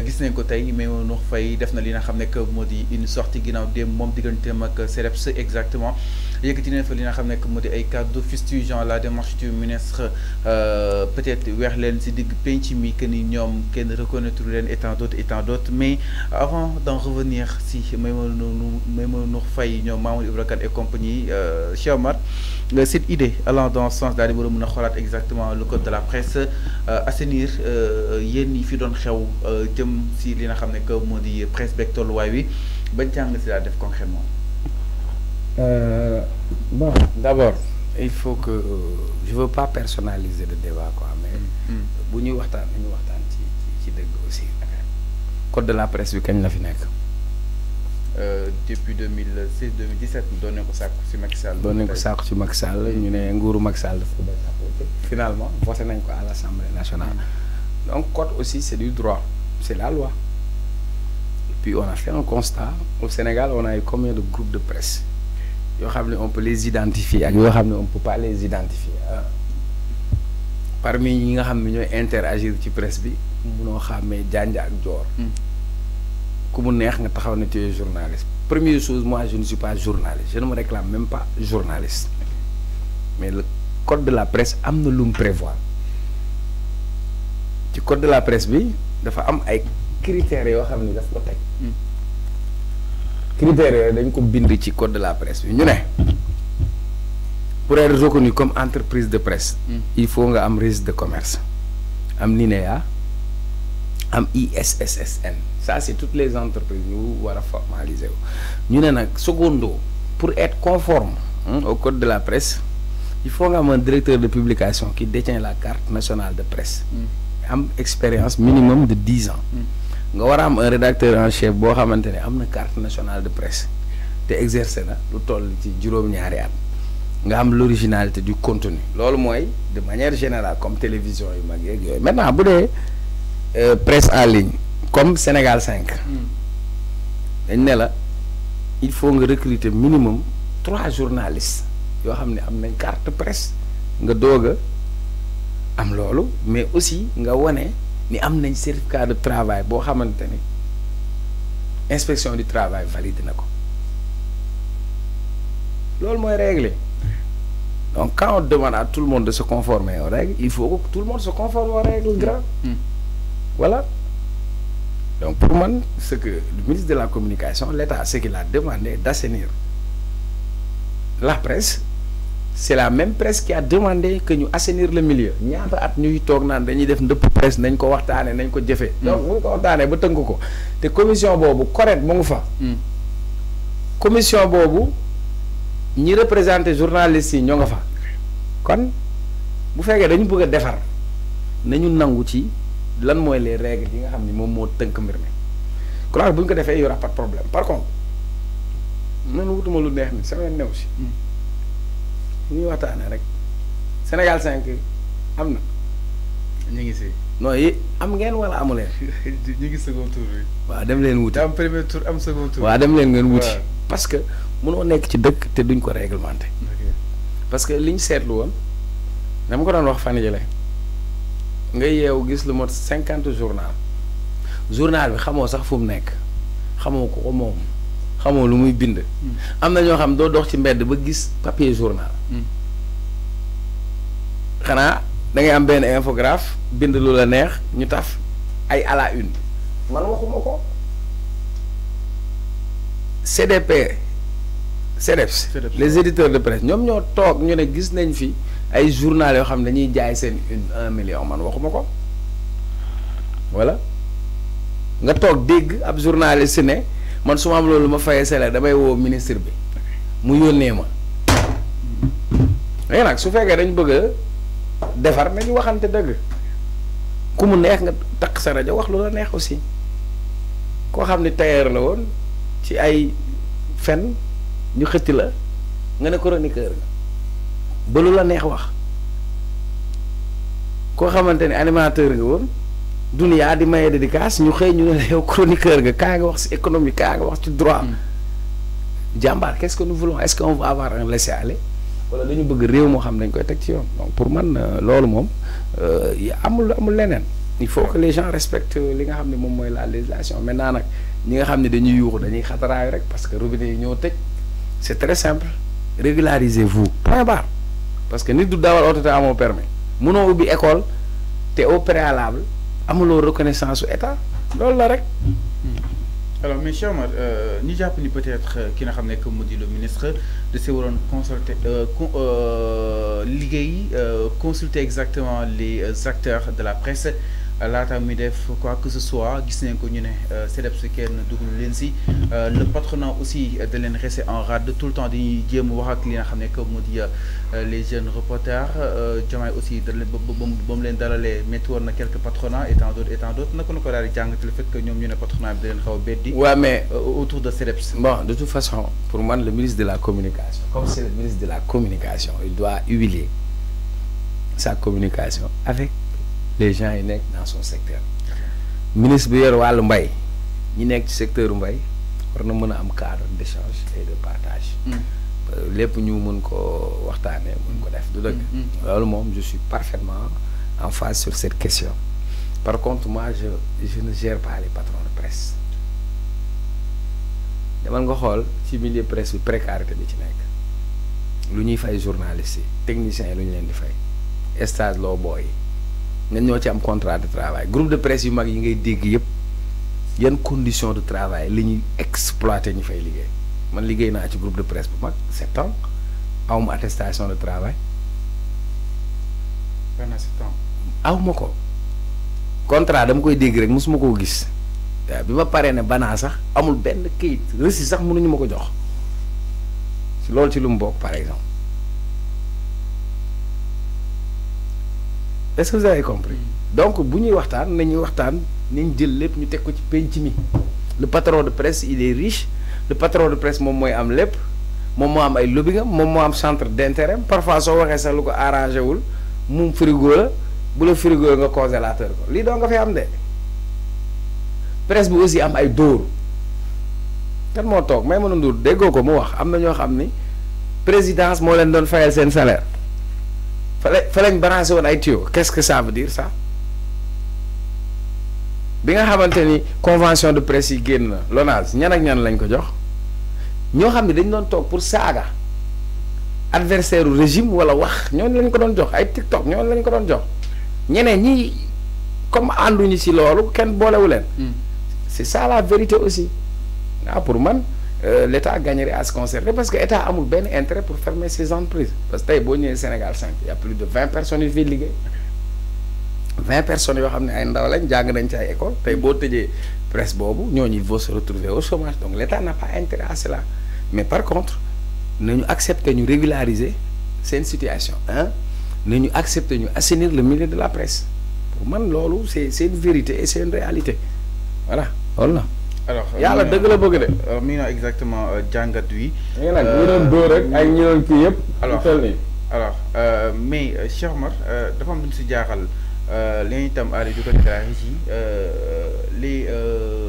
Euh, gis nañ ko tey mais on Faye def na li nga xam ne que moo di une sortie ginnaaw démb moom digganteem ak CREPS exactement yëkkati na fa li nga xam ne que moo di ay cadre fustigeant la démarche du ministre euh, peut-être weex leen si digg penc mi que ni ñoom kenn reconnaître leen et tant d'autres et tant d'autres mais avant d'en revenir si Maïmouna Nour fay ñoom Mamour Ibrahima et compagnie euh, Cheikh Omar cette idée allant dans ce sens daal di war a exactement le code de la presse assainir yéen yi fi doon xew jëm si li nga xam que moo presse beeg tolluwaay wi bañ que vous laa def concrètement. Euh, bon d'abord, il faut que je veux pas personnaliser le débat quoi mais. Mm. Mm. bu ñuy waxtaan ñu waxtaan ci ci aussi. code de la presse vous avez la fi euh, depuis 2016 2017 nous avons ko sàkku ci Macky Sall. doon nañ ko sàkku ci Macky Sall mm. ñu ne nguuru Macky Sall finalement nous nañ ko à l'Assemblée nationale. donc code aussi c'est du droit c'est la loi. et Puis on a fait un constat. Au Sénégal, on a eu combien de groupes de presse On peut les identifier. On ne peut pas les identifier. Hein. Parmi ñi nga ont ne avec interagir presse bi avons eu des ak hmm. journaliste. première chose moi je ne suis pas journaliste je ne me réclame même pas journaliste mais le code de la presse am prévoit. lu code de la presse dafa am ay critères yoo xam ni daf ko hmm. critères dañ ko code de la presse pour être reconnu comme entreprise de presse hmm. il faut un am registre de commerce am l'INEA am ISSSN ça c'est toutes les entreprises ñu war a formaliser ñu secondo pour être conforme hein, au code de la presse il faut nga am un directeur de publication qui détient la carte nationale de presse hmm am expérience minimum de 10 ans nga wara am un rédacteur en chef bo xamantene ne am carte nationale de presse té exercer na lu toll ci juróom-ñaari at nga am l'originalité du contenu lolu moy de manière générale comme télévision yu mag yoy maintenant boudé euh, presse en ligne comme Sénégal 5 dañ il faut nga recruter minimum trois journalistes yo xamné am nañ carte presse nga doga am mais aussi nga y ni am nañ certificat de travail pour inspection du travail valide na ko moy réglé donc quand on demande à tout le monde de se conformer aux règles il faut que tout le monde se conforme aux règles mm. Mm. voilà donc pour moi ce que le ministre de la communication l'État ce qu'il a demandé d'assainir la presse c'est la même presse qui a demandé que nous assainir le milieu Nous avons ñuy toog nous dañuy def presse nous mm. ko waxtaanee nañ ko donc la commission boobu correct mm. commission boobu ñi représenté journalistes Nous avons Nous fa. kon bu dañu bëgg a nañu ci lan les règles nga ni Nous avons ko avons aura pas de problème par contre nous wutuma lu neex ñuy waxtaanee rek Sénégal 5 am na. ñu ngi si. non am ngeen wala amu leen. ñu ngi second waaw dem leen wuti. am premier am second tour. waaw dem leen ngeen wuti. parce que mënoo nekk ci dëkk te duñ ko réglementé. parce que li ñu seetlu woon dama ko doon wax fan yële nga yeew gis lu mot cinquante journal journal bi xamoo sax fu mu nekk xamoo ko ko moom. xamoo lu muy bind. am na ñoo xam doo dox ci mbedd ba gis papier journal. Hmm. xanaa da ngay am benn infographe bind lu la neex ñu taf ay à la une. man waxuma ko. CDP. CEDEPS les éditeurs de presse ñoom ñoo toog ñu ne gis nañ fi ay journal yoo xam dañuy jaay seen une un million man waxuma ko voilà nga toog dégg ab journaliste ne. man su ma am loolu ma fayee salaire damay woo ministre bi mu yónnee ma léegi nag su fekkee dañ bëgg a defar nañu waxante dëgg ku mu neex nga takk sa rajo wax lu la neex aussi koo xam ne tailleur la woon ci ay fen ñu xëtti la nga ne chroniqueur nga ba lu la neex wax koo xamante ni animateur nga woon Dunia di maye dédicace ñu xëy ñu ne la yow chroniqueur nga kaa nga wax si économie kaa nga wax ci droit hmm. jàmbaar qu'est-ce que nous voulons est-ce qu'on veut avoir un laisser-aller wala dañu bëgg réew moo xam dañ koy teg ci yoon donc pour man euh, loolu moom euh, amul amul leneen il faut que les gens respectent li nga xam ne moom mooy la législation maintenant nag ñi nga xam ne dañuy yuuxu dañuy xataraayu rek parce que robinet yi ñoo tëj c'est très simple régularisez-vous point barre parce que nit du dawal autorité te amoo permis munoo ubbi école te au préalable amulo reconnaissance état loolu la rek. Hmm. alors mais ni Omar ni euh, ni peut-être euh, ki nga xam ne le ministre de si waroon consulter euh, consulter exactement les acteurs de la presse la muy def quoi que ce soit gis nañ ko ñu le euh, CDEPS kenn dugalu euh, le patronat aussi euh, de len rester en rade tout le temps di jëm wax ak li nga xamné que di les jeunes reporters jamais aussi de leen ba mu leen dalalee métti na quelques patronats étant d'autres étant d'autres naka ko daal di le fait que ñoom ñu patronat bi da xaw beddi mais autour de CDEPS bon de toute façon pour moi le ministre de la communication comme c'est le ministre de la communication il doit huiler sa communication avec les gens sont dans son secteur ministre de secteur a cadre d'échange et de partage mm. mm, mm. je suis parfaitement en phase sur cette question par contre moi je ne gère pas les patrons de presse demal nga xol milieu presse ci journalistes techniciens nga ñoo ci am contrat de travail groupe de presse yu mag yi ngay dégg yëpp yan condition de travail li ñuy exploité ñu fay liggéey man liggéey naa ci groupe de presse bu mag sept ans awma attestation de travail pendant sept ko contrat dama koy dégg rek mosuma koo gis waaw bi ma paree ne banaa sax amul benn kayit reçu sax mënuñu ma ko jox loolu ci lu mu bokk par exemple est-ce que vous avez compris donc si waxtaan le patron de presse il est riche le patron de presse a am moi am ay am centre d'intérêt parfois ça va arrangé wul mon frigo la bu la frigo congélateur presse aussi am ay may ndur ko mu wax présidence doon fayal un salaire qu'est-ce que ça veut dire ça bi nga convention de presse yi ñan ak ñan lañ ko jox dañ pour saaga adversaire au régime wala wax ñooñu lañ ko doon jox ay TikTok lañ ko jox ñi comme hmm. c'est ça la vérité aussi ah pour euh, l'État gagnerait à se concerter parce que l'État a un intérêt pour fermer ses entreprises parce que on est au Sénégal 5 y' a plus de 20 personnes qui vivent liggéey 20 personnes qui xam ne ay ndaw lañ jàng nañ ci ay école presse qui ñooñu se retrouver au chômage donc l'État n'a pas intérêt à cela mais par contre nous acceptons de régulariser une situation hein nous acceptons ñu le milieu de la presse pour moi c'est une vérité et c'est une réalité voilà voilà alors euh, yàlla dëgg la bëgg de. Euh, euh, mi ngi exactement jàngat wi. ñu nag ñu doon dóor rek ak ñu doon kii yëpp. alors alors mais Cheikh Omar dafa am si jaaxal li ñu itam Aliou di ko déclaré si les.